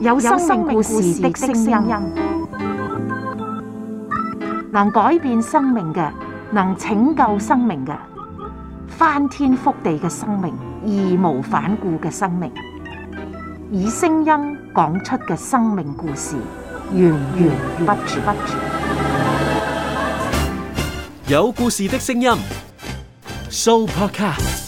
有生命故事的聲音，能改變生命嘅，能拯救生命嘅，翻天覆地嘅生命，義無反顧嘅生命，以聲音講出嘅生命故事，源源不絕。有故事的聲音，Soupercast。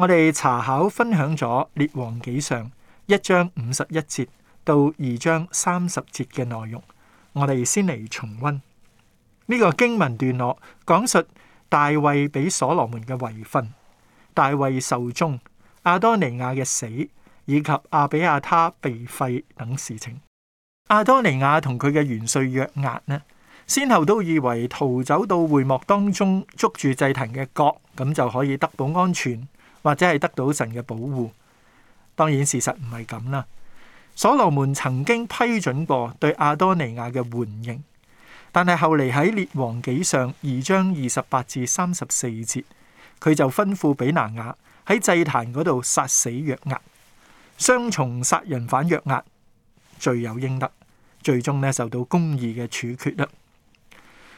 我哋查考分享咗《列王紀上》一章五十一節到二章三十節嘅內容，我哋先嚟重溫呢、這個經文段落，講述大衛俾所羅門嘅遺訓，大衛受終、阿多尼亞嘅死，以及阿比亞他被廢等事情。阿多尼亞同佢嘅元帥約押呢，先後都以為逃走到會幕當中捉住祭壇嘅角，咁就可以得到安全。或者係得到神嘅保護，當然事實唔係咁啦。所羅門曾經批准過對亞多尼亞嘅緩刑，但係後嚟喺列王紀上二章二十八至三十四節，佢就吩咐比拿雅喺祭壇嗰度殺死約押，雙重殺人犯約押罪有應得，最終呢受到公義嘅處決啦。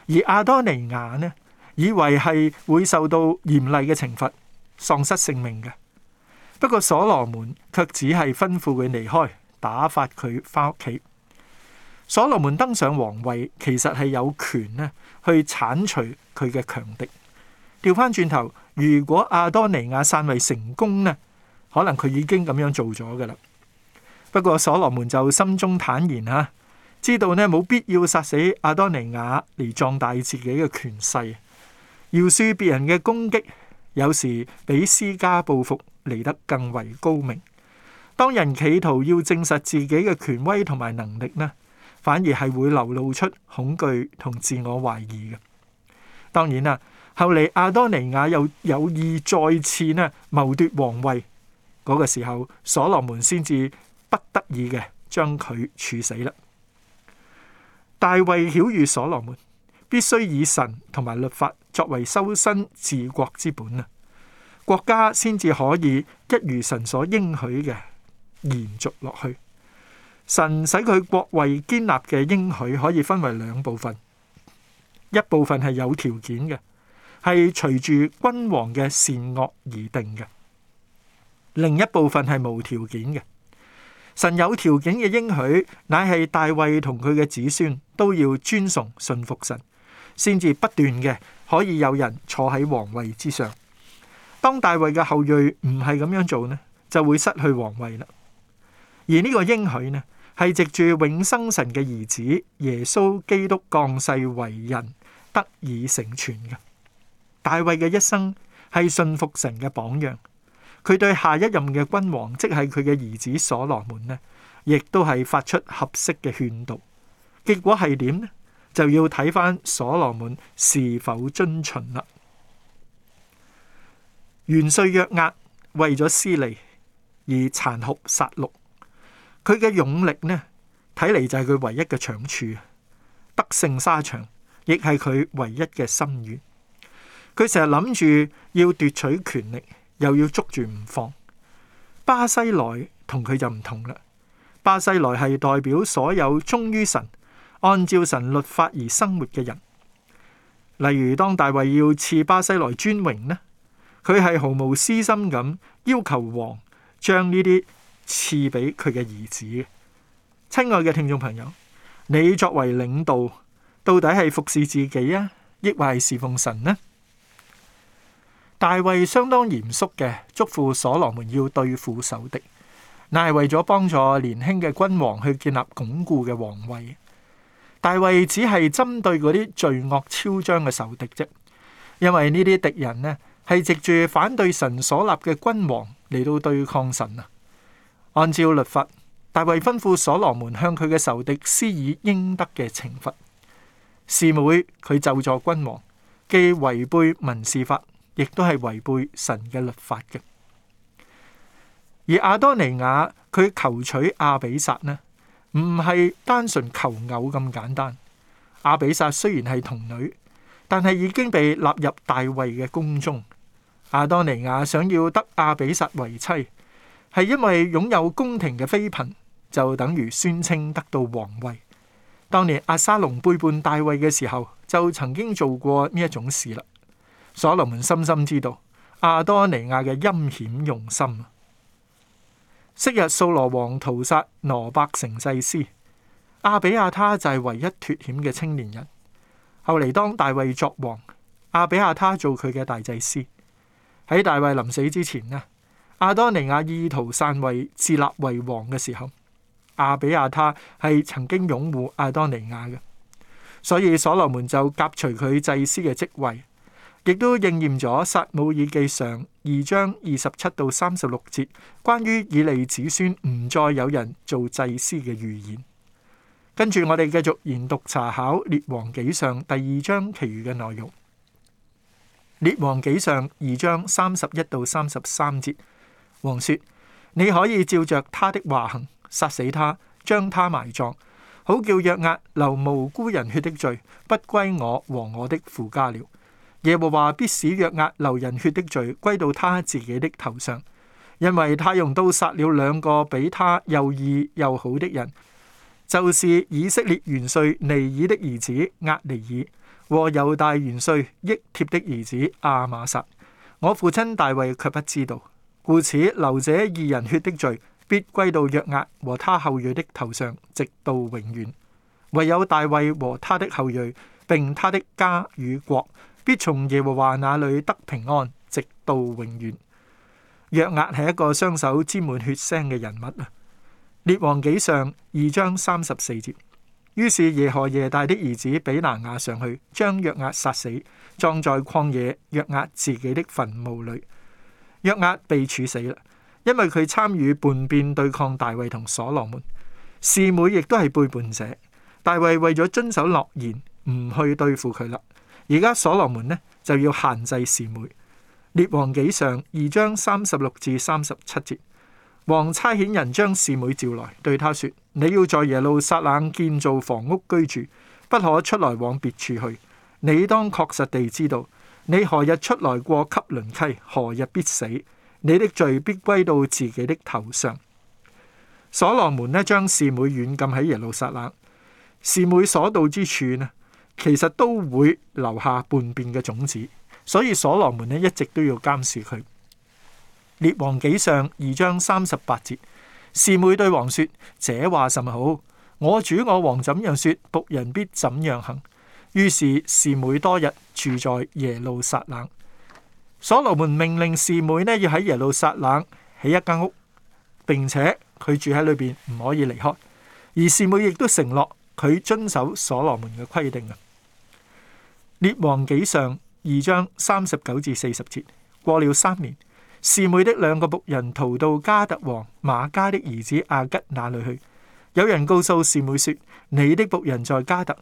而亞多尼亞呢，以為係會受到嚴厲嘅懲罰。喪失性命嘅，不過所羅門卻只係吩咐佢離開，打發佢返屋企。所羅門登上皇位，其實係有權呢去鏟除佢嘅強敵。調翻轉頭，如果亞多尼亞篡位成功呢，可能佢已經咁樣做咗噶啦。不過所羅門就心中坦然吓，知道呢冇必要殺死亞多尼亞嚟壯大自己嘅權勢，饒恕別人嘅攻擊。有時比私家報復嚟，得更為高明。當人企圖要證實自己嘅權威同埋能力呢，反而係會流露出恐懼同自我懷疑嘅。當然啦，後嚟亞多尼雅又有意再次呢謀奪王位嗰個時候，所羅門先至不得已嘅將佢處死啦。大衛曉諭所羅門，必須以神同埋律法作為修身治國之本啊，國家先至可以一如神所應許嘅延續落去。神使佢國位建立嘅應許可以分為兩部分，一部分係有條件嘅，係隨住君王嘅善惡而定嘅；另一部分係無條件嘅。神有條件嘅應許，乃係大衛同佢嘅子孫都要尊崇信服神。先至不斷嘅可以有人坐喺皇位之上。當大衛嘅後裔唔係咁樣做呢，就會失去皇位啦。而呢個應許呢，係藉住永生神嘅兒子耶穌基督降世為人得以成全嘅。大衛嘅一生係信服神嘅榜樣。佢對下一任嘅君王，即係佢嘅兒子所羅門呢，亦都係發出合適嘅勸導。結果係點呢？就要睇翻所羅門是否遵循啦。元帥約押為咗私利而殘酷殺戮，佢嘅勇力呢？睇嚟就係佢唯一嘅長處，得勝沙場亦係佢唯一嘅心願。佢成日諗住要奪取權力，又要捉住唔放。巴西萊同佢就唔同啦。巴西萊係代表所有忠於神。按照神律法而生活嘅人，例如當大衛要賜巴西萊尊榮呢，佢係毫無私心咁要求王將呢啲賜俾佢嘅兒子。親愛嘅聽眾朋友，你作為領導到底係服侍自己啊，抑或係侍奉神呢、啊？大衛相當嚴肅嘅，囑咐所羅門要對付仇敵，乃係為咗幫助年輕嘅君王去建立鞏固嘅皇位。大衛只係針對嗰啲罪惡囂張嘅仇敵啫，因為呢啲敵人呢係藉住反對神所立嘅君王嚟到對抗神啊。按照律法，大衛吩咐所羅門向佢嘅仇敵施以應得嘅懲罰。侍妹佢就做君王，既違背民事法，亦都係違背神嘅律法嘅。而亞多尼雅佢求取亞比煞呢？唔係單純求偶咁簡單。阿比煞雖然係童女，但係已經被納入大衛嘅宮中。阿多尼亞想要得阿比煞為妻，係因為擁有宮廷嘅妃嬪，就等於宣稱得到皇位。當年阿沙龍背叛大衛嘅時候，就曾經做過呢一種事啦。所羅門深深知道阿多尼亞嘅陰險用心。昔日掃羅王屠殺羅伯城祭司阿比亞他，就係唯一脫險嘅青年人。後嚟當大衛作王，阿比亞他做佢嘅大祭司。喺大衛臨死之前呢，亞當尼亞意圖篡位自立為王嘅時候，阿比亞他係曾經擁護亞當尼亞嘅，所以所羅門就革除佢祭司嘅職位。亦都應驗咗《撒母耳記上》二章二十七到三十六節，關於以利子孫唔再有人做祭司嘅預言。跟住我哋繼續研讀查考《列王紀上》第二章其餘嘅內容，《列王紀上》二章三十一到三十三節，王說：你可以照着他的話行，殺死他，將他埋葬，好叫約押流無辜人血的罪不歸我和我的父家了。耶和華必使約押流人血的罪歸到他自己的頭上，因為他用刀殺了兩個比他又義又好的人，就是以色列元帥尼珥的兒子押尼珥和猶大元帥益帖的兒子亞瑪撒。我父親大衛却不知道，故此流這二人血的罪必歸到約押和他後裔的頭上，直到永遠。唯有大衛和他的後裔，並他的家與國，必從耶和華那裏得平安，直到永遠。約押係一個雙手沾滿血腥嘅人物啊！列王紀上二章三十四節，於是耶何耶大的兒子比拿雅上去，將約押殺死，葬在曠野約押自己的墳墓裏。約押被處死啦，因為佢參與叛變對抗大衛同所羅門。示每亦都係背叛者。大衛為咗遵守諾言，唔去對付佢啦。而家所羅門呢就要限制示每，列王紀上二章三十六至三十七節，王差遣人將示每召來，對他說：你要在耶路撒冷建造房屋居住，不可出來往別處去。你當確實地知道，你何日出來過汲淪溪，何日必死，你的罪必歸到自己的頭上。所羅門呢將示每軟禁喺耶路撒冷，示每所到之處呢，其實都會留下叛變嘅種子，所以所羅門呢一直都要監視佢。列王紀上二章三十八節，侍妹對王說：這話甚好，我主我王怎樣說，僕人必怎樣行。於是侍妹多日住在耶路撒冷。所羅門命令侍妹呢要喺耶路撒冷起一間屋，並且佢住喺裏邊唔可以離開，而侍妹亦都承諾。佢遵守所羅門嘅規定啊，《列王紀上》二章三十九至四十節，過了三年，示每的兩個僕人逃到迦特王瑪迦的兒子亞吉那裏去。有人告訴示每說：你的僕人在迦特。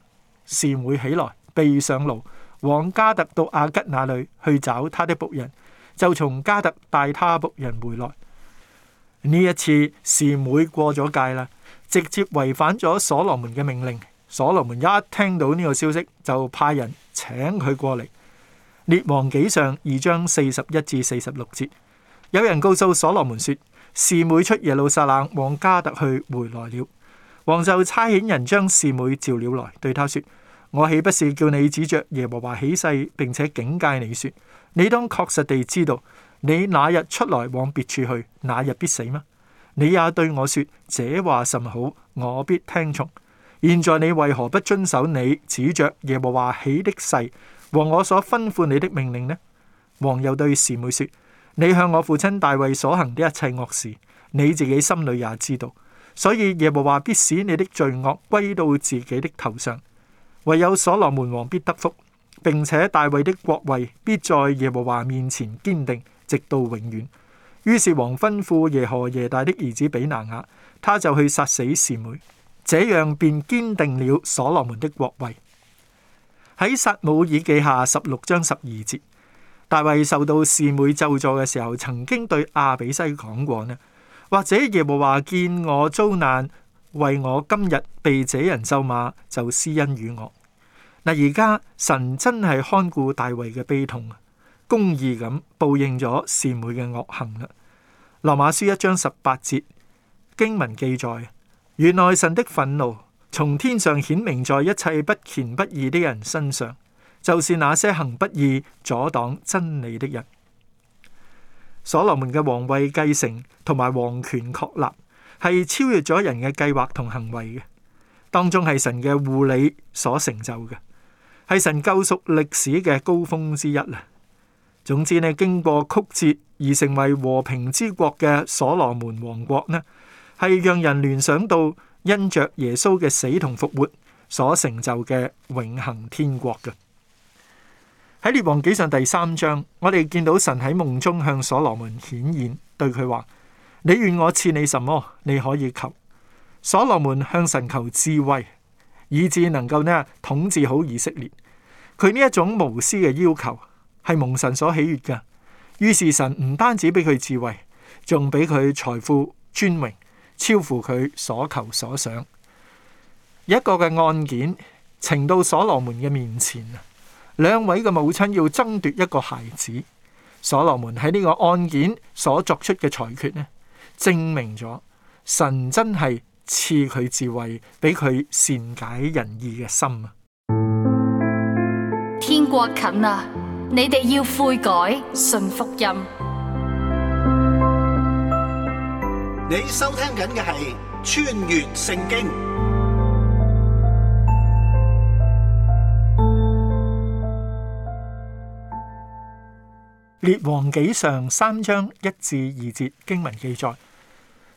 示每起來，備上驢，往迦特到亞吉那裏去找他的僕人，就從迦特帶他僕人回來。呢一次，示每過咗界啦。直接違反咗所羅門嘅命令，所羅門一,一聽到呢個消息就派人請佢過嚟。列王紀上二章四十一至四十六節，有人告訴所羅門說：示每出耶路撒冷往加特去回來了。王就差遣人將示每召了來，對他說：我豈不是叫你指着耶和華起誓並且警戒你說：你當確實地知道你那日出來往別處去，那日必死嗎？你也對我說這話甚好，我必聽從。現在你為何不遵守你指着耶和華起的誓和我所吩咐你的命令呢？王又對示每說：你向我父親大衛所行的一切惡事，你自己心裏也知道，所以耶和華必使你的罪惡歸到自己的頭上。唯有所羅門王必得福，並且大衛的國位必在耶和華面前堅定，直到永遠。於是王吩咐耶何耶大的兒子比拿雅，他就去殺死示每，這樣便堅定了所羅門的國位。喺撒母耳記下十六章十二節，大衛受到示每咒詛嘅時候，曾經對亞比篩講過呢，或者耶和華見我遭難，為我今日被這人咒罵，就施恩與我。嗱，而家神真係看顧大衛嘅悲痛啊！公義咁報應咗善妹嘅惡行啦。羅馬書一章十八節經文記載：原來神的憤怒從天上顯明在一切不虔不義的人身上，就是那些行不義、阻擋真理的人。所羅門嘅皇位繼承同埋皇權確立係超越咗人嘅計劃同行為嘅，當中係神嘅護理所成就嘅，係神救贖歷史嘅高峰之一啦。總之呢，經過曲折而成為和平之國嘅所羅門王國呢，係讓人聯想到因着耶穌嘅死同復活所成就嘅永恒天國嘅。喺列王紀上第三章，我哋見到神喺夢中向所羅門顯現，對佢話：你願我賜你什麼，你可以求。所羅門向神求智慧，以至能夠呢統治好以色列。佢呢一種無私嘅要求。係蒙神所喜悅嘅，於是神唔單止俾佢智慧，仲俾佢財富、尊榮，超乎佢所求所想。一個嘅案件呈到所羅門嘅面前啊，兩位嘅母親要爭奪一個孩子，所羅門喺呢個案件所作出嘅裁決呢，證明咗神真係賜佢智慧，俾佢善解人意嘅心啊！天國近啊！你哋要悔改，信福音。你收聽緊嘅係《穿越聖經》，列王紀上三章一至二節，經文記載，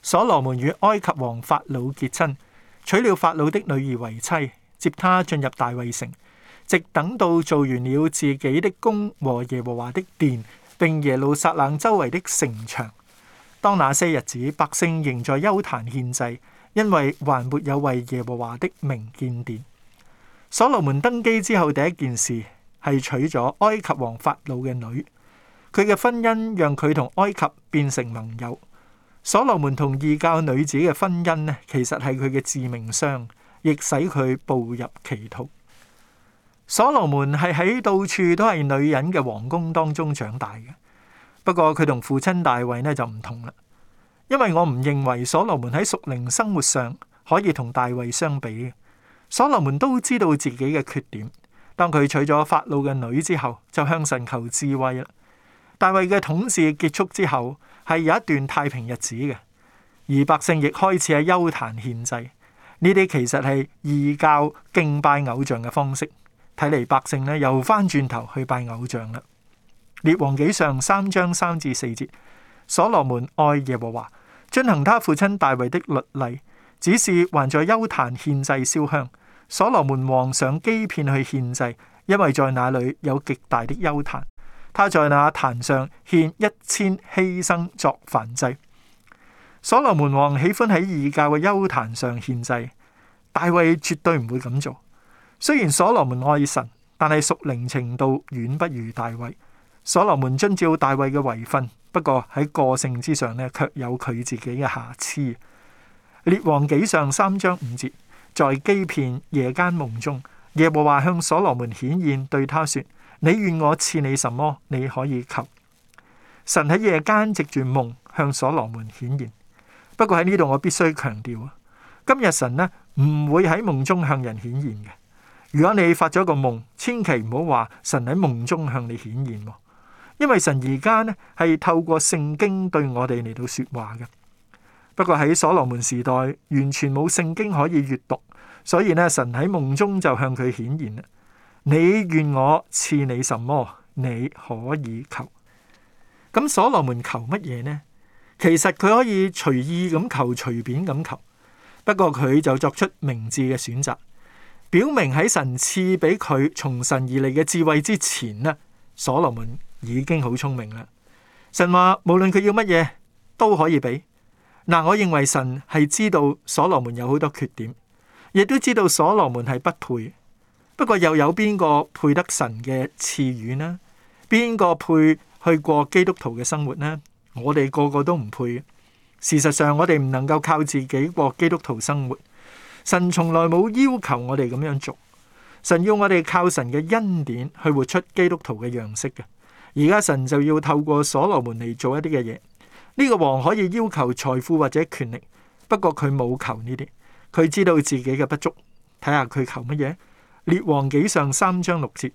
所羅門與埃及王法老結親，娶了法老的女兒為妻，接她進入大衛城。直等到做完了自己的宮和耶和華的殿，並耶路撒冷周圍的城牆。當那些日子，百姓仍在幽壇獻祭，因為還沒有為耶和華的名建殿。所羅門登基之後，第一件事係娶咗埃及王法老嘅女。佢嘅婚姻讓佢同埃及變成盟友。所羅門同異教女子嘅婚姻呢，其實係佢嘅致命傷，亦使佢步入歧途。所羅門係喺到處都係女人嘅皇宮當中長大嘅。不過佢同父親大衛呢就唔同啦，因為我唔認為所羅門喺屬靈生活上可以同大衛相比。所羅門都知道自己嘅缺點，當佢娶咗法老嘅女之後，就向神求智慧啦。大衛嘅統治結束之後，係有一段太平日子嘅，而百姓亦開始喺邱壇獻祭呢啲，其實係異教敬拜偶像嘅方式。睇嚟百姓呢又翻轉頭去拜偶像啦。列王記上三章三至四節，所羅門愛耶和華，遵行他父親大衛的律例，只是還在丘壇獻祭燒香。所羅門王上基遍去獻祭，因為在那裏有極大的丘壇。他在那壇上獻一千犧牲作燔祭。所羅門王喜歡喺異教嘅丘壇上獻祭，大衛絕對唔會咁做。雖然所羅門愛神，但係屬靈程度遠不如大衛。所羅門遵照大衛嘅遺訓，不過喺個性之上咧，卻有佢自己嘅瑕疵。列王紀上三章五節，在基遍夜間夢中，耶和華向所羅門顯現，對他說：你願我賜你什麼，你可以求。神喺夜間藉住夢向所羅門顯現。不過喺呢度，我必須強調，今日神咧唔會喺夢中向人顯現嘅。如果你發咗個夢，千祈唔好話神喺夢中向你顯現，因為神而家呢係透過聖經對我哋嚟到說話嘅。不過喺所羅門時代完全冇聖經可以閱讀，所以呢神喺夢中就向佢顯現啦。你願我賜你什麼，你可以求。咁所羅門求乜嘢呢？其實佢可以隨意咁求，隨便咁求，不過佢就作出明智嘅選擇。表明喺神賜俾佢從神而嚟嘅智慧之前呢，所羅門已經好聰明啦。神話無論佢要乜嘢都可以俾。嗱，我認為神係知道所羅門有好多缺點，亦都知道所羅門係不配。不過又有邊個配得神嘅賜予呢？邊個配去過基督徒嘅生活呢？我哋個個都唔配。事實上，我哋唔能夠靠自己過基督徒生活。神從來冇要求我哋咁樣做，神要我哋靠神嘅恩典去活出基督徒嘅樣式嘅。而家神就要透過所羅門嚟做一啲嘅嘢。呢個王可以要求財富或者權力，不過佢冇求呢啲，佢知道自己嘅不足。睇下佢求乜嘢？列王紀上三章六節，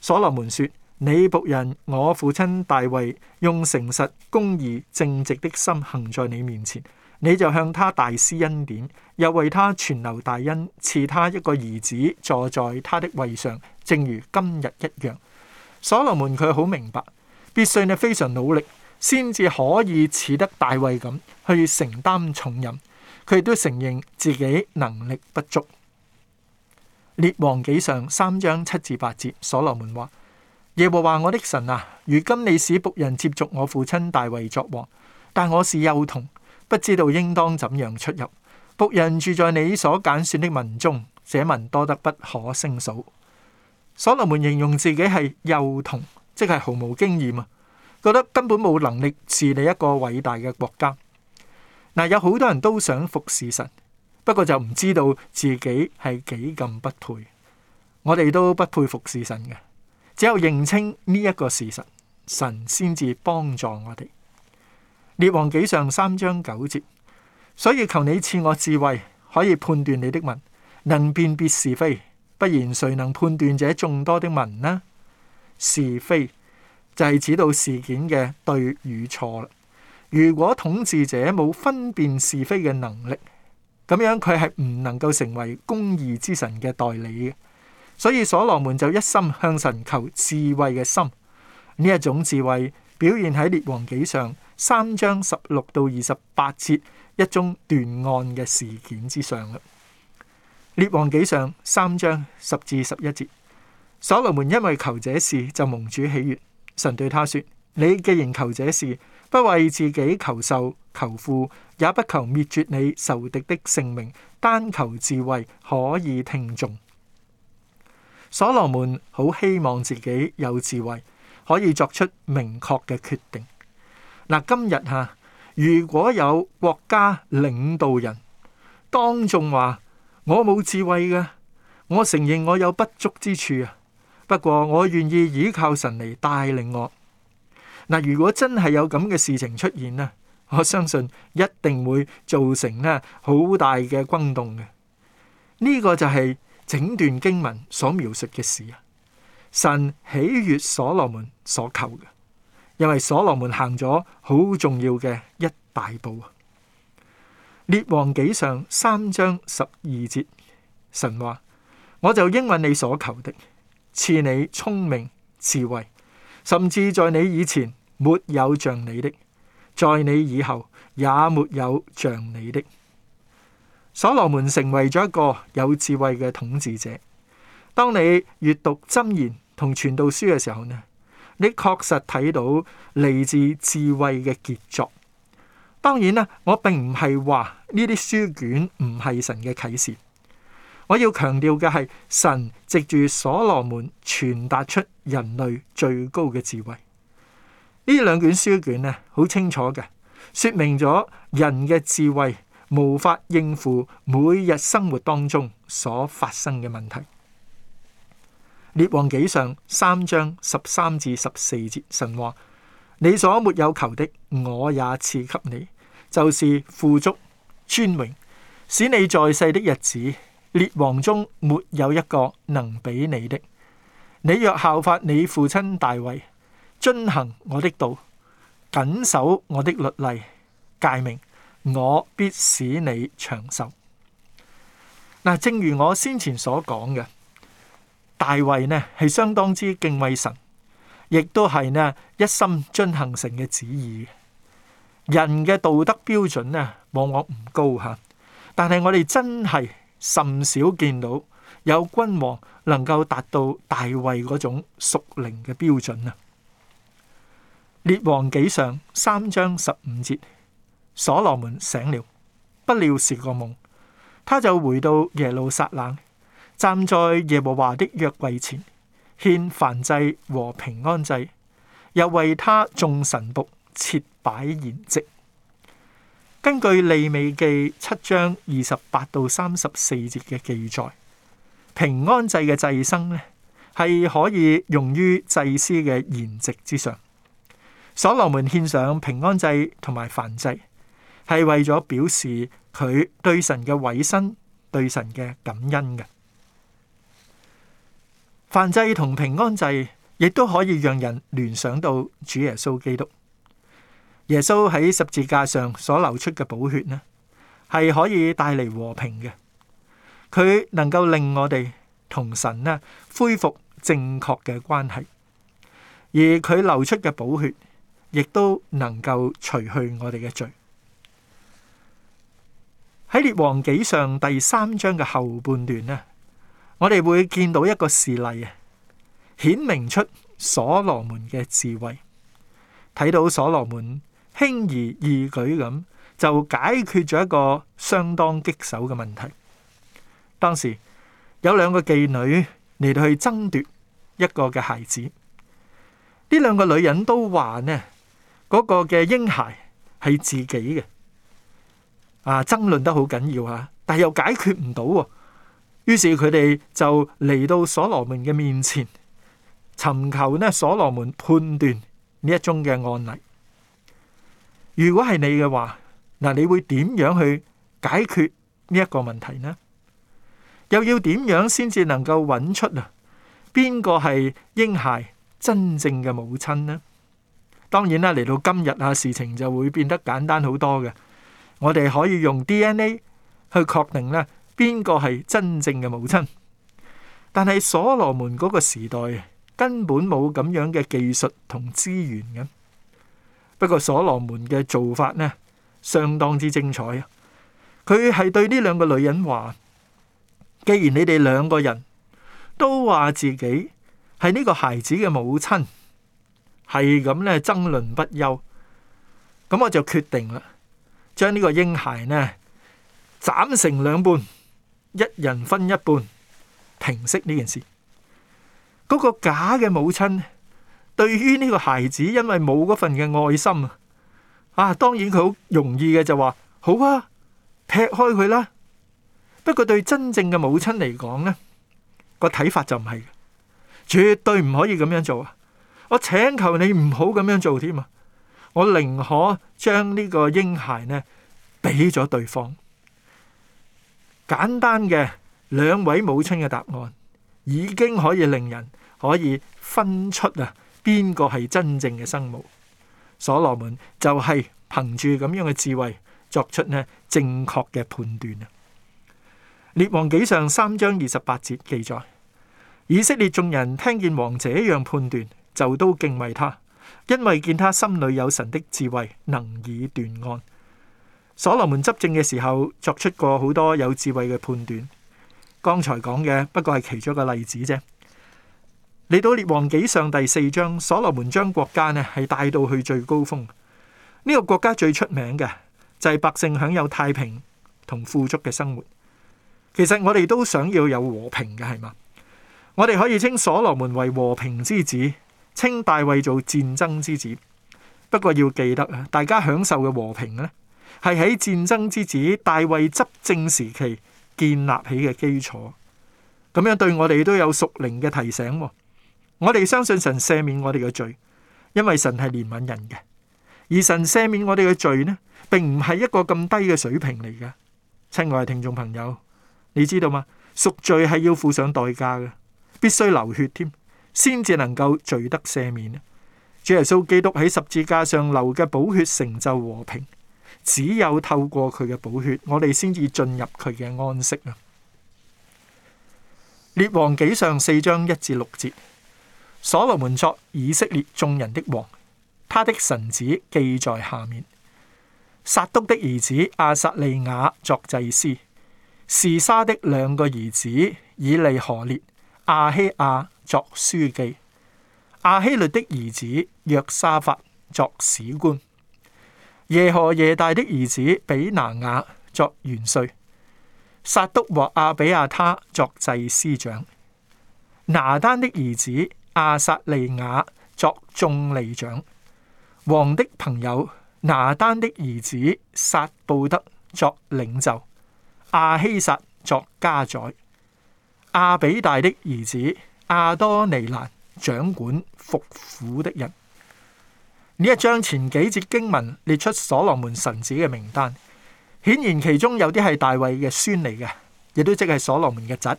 所羅門說：你僕人我父親大衛用誠實、公義、正直的心行在你面前。你就向他大施恩典，又為他存留大恩，賜他一個兒子坐在他的位上，正如今日一樣。所羅門佢好明白，必須你非常努力，先至可以似得大衛咁去承擔重任。佢亦都承認自己能力不足。列王紀上三章七至八節，所羅門話：耶和華我的神啊，如今你使僕人接續我父親大衛作王，但我是幼童。不知道應當怎樣出入。僕人住在你所揀選的民中，這民多得不可勝數。所羅門形容自己係幼童，即係毫無經驗啊，覺得根本冇能力治理一個偉大嘅國家。嗱，有好多人都想服侍神，不過就唔知道自己係幾咁不配。我哋都不配服侍神嘅，只有認清呢一個事實，神先至幫助我哋。列王紀上三章九節，所以求你賜我智慧，可以判斷你的民，能辨別是非。不然誰能判斷這眾多的民呢？是非就係、是、指到事件嘅對與錯啦。如果統治者冇分辨是非嘅能力，咁樣佢係唔能夠成為公義之神嘅代理嘅。所以所羅門就一心向神求智慧嘅心，呢一種智慧表現喺列王紀上。三章十六到二十八節一宗斷案嘅事件之上《列王記上》三章十至十一節，所羅門因為求這事就蒙主喜悦，神對他說：你既然求這事，不為自己求壽、求富，也不求滅絕你仇敵的性命，單求智慧可以聽訟。所羅門好希望自己有智慧，可以作出明確嘅決定。嗱，今日吓，如果有國家領導人當眾話我冇智慧嘅，我承認我有不足之處啊，不過我願意倚靠神嚟帶領我。嗱，如果真係有咁嘅事情出現呢，我相信一定會造成呢好大嘅轟動嘅。呢個就係整段經文所描述嘅事啊，神喜悦所羅門所求嘅。因為所羅門行咗好重要嘅一大步啊，《列王紀上》三章十二節，神話我就應允你所求的，賜你聰明智慧，甚至在你以前沒有像你的，在你以後也沒有像你的。所羅門成為咗一個有智慧嘅統治者。當你閱讀箴言同傳道書嘅時候呢，你確實睇到嚟自智慧嘅傑作。當然啦，我並唔係話呢啲書卷唔係神嘅啟示。我要強調嘅係神藉住所羅門傳達出人類最高嘅智慧。呢兩卷書卷啊，好清楚嘅，說明咗人嘅智慧無法應付每日生活當中所發生嘅問題。列王記上三章十三至十四節神話：你所沒有求的，我也賜給你，就是富足、尊榮，使你在世的日子，列王中沒有一個能比你的。你若效法你父親大衛，遵行我的道，謹守我的律例誡命，我必使你長壽。嗱，正如我先前所講嘅。大衛呢係相當之敬畏神，亦都係呢一心遵行神嘅旨意。人嘅道德標準呢往往唔高吓，但係我哋真係甚少見到有君王能夠達到大衛嗰種屬靈嘅標準啊！列王紀上三章十五節，所羅門醒了，不料是個夢，他就回到耶路撒冷。站在耶和華的約櫃前，獻燔祭和平安祭，又為他眾神僕設擺筵席。根據利未記七章二十八到三十四節嘅記載，平安祭嘅祭牲呢係可以用於祭司嘅筵席之上。所羅門獻上平安祭同埋燔祭，係為咗表示佢對神嘅委身，對神嘅感恩嘅。燔祭同平安祭亦都可以讓人聯想到主耶穌基督。耶穌喺十字架上所流出嘅寶血呢，係可以帶嚟和平嘅。佢能夠令我哋同神呢恢復正確嘅關係，而佢流出嘅寶血，亦都能夠除去我哋嘅罪。喺列王紀上第三章嘅後半段呢，我哋會見到一個事例啊，顯明出所羅門嘅智慧，睇到所羅門輕而易舉咁就解決咗一個相當棘手嘅問題。當時有兩個妓女嚟到去爭奪一個嘅孩子，呢兩個女人都話呢嗰個嘅嬰孩係自己嘅，啊爭論得好緊要啊，但係又解決唔到。於是佢哋就嚟到所羅門嘅面前，尋求呢所羅門判斷呢一宗嘅案例。如果係你嘅話，嗱你會點樣去解決呢一個問題呢？又要點樣先至能夠搵出啊？邊個係嬰孩真正嘅母親呢？當然啦，嚟到今日啊，事情就會變得簡單好多嘅。我哋可以用 DNA 去確定啦。邊個係真正嘅母親？但係所羅門嗰個時代根本冇咁樣嘅技術同資源嘅。不過所羅門嘅做法呢，相當之精彩。佢係對呢兩個女人話：既然你哋兩個人都話自己係呢個孩子嘅母親，係咁咧爭論不休，咁我就決定啦，將呢個嬰孩呢斬成兩半。一人分一半，平息呢件事。嗰個假嘅母親對於呢個孩子，因為冇嗰份嘅愛心啊，啊，當然佢好容易嘅就話好啊，劈開佢啦。不過對真正嘅母親嚟講咧，呢個睇法就唔係，絕對唔可以咁樣做啊！我請求你唔好咁樣做添啊！我寧可將呢個嬰孩咧，俾咗對方。簡單嘅兩位母親嘅答案已經可以令人可以分出啊，邊個係真正嘅生母？所羅門就係憑住咁樣嘅智慧作出呢正確嘅判斷啊！列王紀上三章二十八節記載，以色列眾人聽見王這樣判斷，就都敬畏他，因為見他心裏有神的智慧，能以斷案。所羅門執政嘅時候作出過好多有智慧嘅判斷，剛才講嘅不過係其中一個例子啫。嚟到列王紀上第四章，所羅門將國家呢係帶到去最高峰。呢個國家最出名嘅就係百姓享有太平同富足嘅生活。其實我哋都想要有和平嘅，係嘛？我哋可以稱所羅門為和平之子，稱大衛做戰爭之子。不過要記得啊，大家享受嘅和平呢？係喺戰爭之時大衛執政時期建立起嘅基礎，咁樣對我哋都有屬靈嘅提醒，哦。我哋相信神赦免我哋嘅罪，因為神係憐憫人嘅。而神赦免我哋嘅罪呢，並唔係一個咁低嘅水平嚟嘅。親愛嘅聽眾朋友，你知道嗎？贖罪係要付上代價嘅，必須流血添，先至能夠罪得赦免。主耶穌基督喺十字架上流嘅寶血，成就和平。只有透過佢嘅補血，我哋先至進入佢嘅安息啊！列王紀上四章一至六節：所羅門作以色列眾人的王，他的臣子記在下面。撒督的兒子亞撒利雅作祭司，示沙的兩個兒子以利何烈、亞希亞作書記。亞希律的兒子約沙法作史官。耶何耶大的兒子比拿雅作元帥，撒督和亞比亞他作祭司長，拿單的兒子亞撒利雅作眾吏長，王的朋友拿單的兒子撒布德作領袖，亞希煞作家宰，亞比大的兒子亞多尼蘭掌管服苦的人。呢一章前幾節經文列出所羅門臣子嘅名單，顯然其中有啲係大衛嘅孫嚟嘅，亦都即係所羅門嘅侄。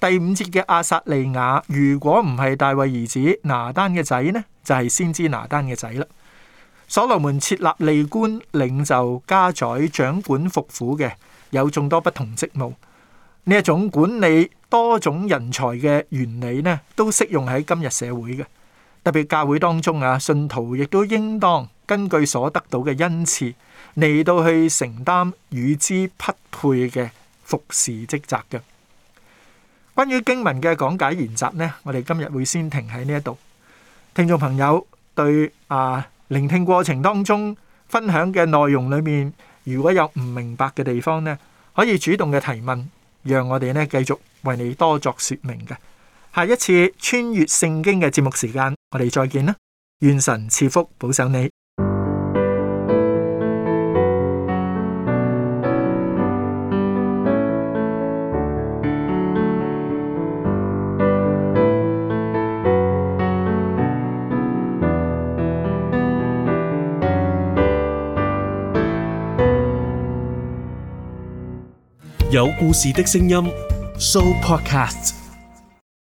第五節嘅阿撒利雅，如果唔係大衛兒子拿單嘅仔呢，就係、是、先知拿單嘅仔啦。所羅門設立利官，領袖、家宰，掌管服苦嘅，有眾多不同職務。呢一種管理多種人才嘅原理呢，都適用喺今日社會嘅。特別教會當中啊，信徒亦都應當根據所得到嘅恩賜，嚟到去承擔與之匹配嘅服侍職責嘅。關於經文嘅講解研習呢，我哋今日會先停喺呢一度。聽眾朋友對啊聆聽過程當中分享嘅內容裏面，如果有唔明白嘅地方呢，可以主動嘅提問，讓我哋呢繼續為你多作説明嘅。下一次穿越聖經嘅節目時間，我哋再見啦！願神賜福，保守你。有故事的聲音，Show Podcast。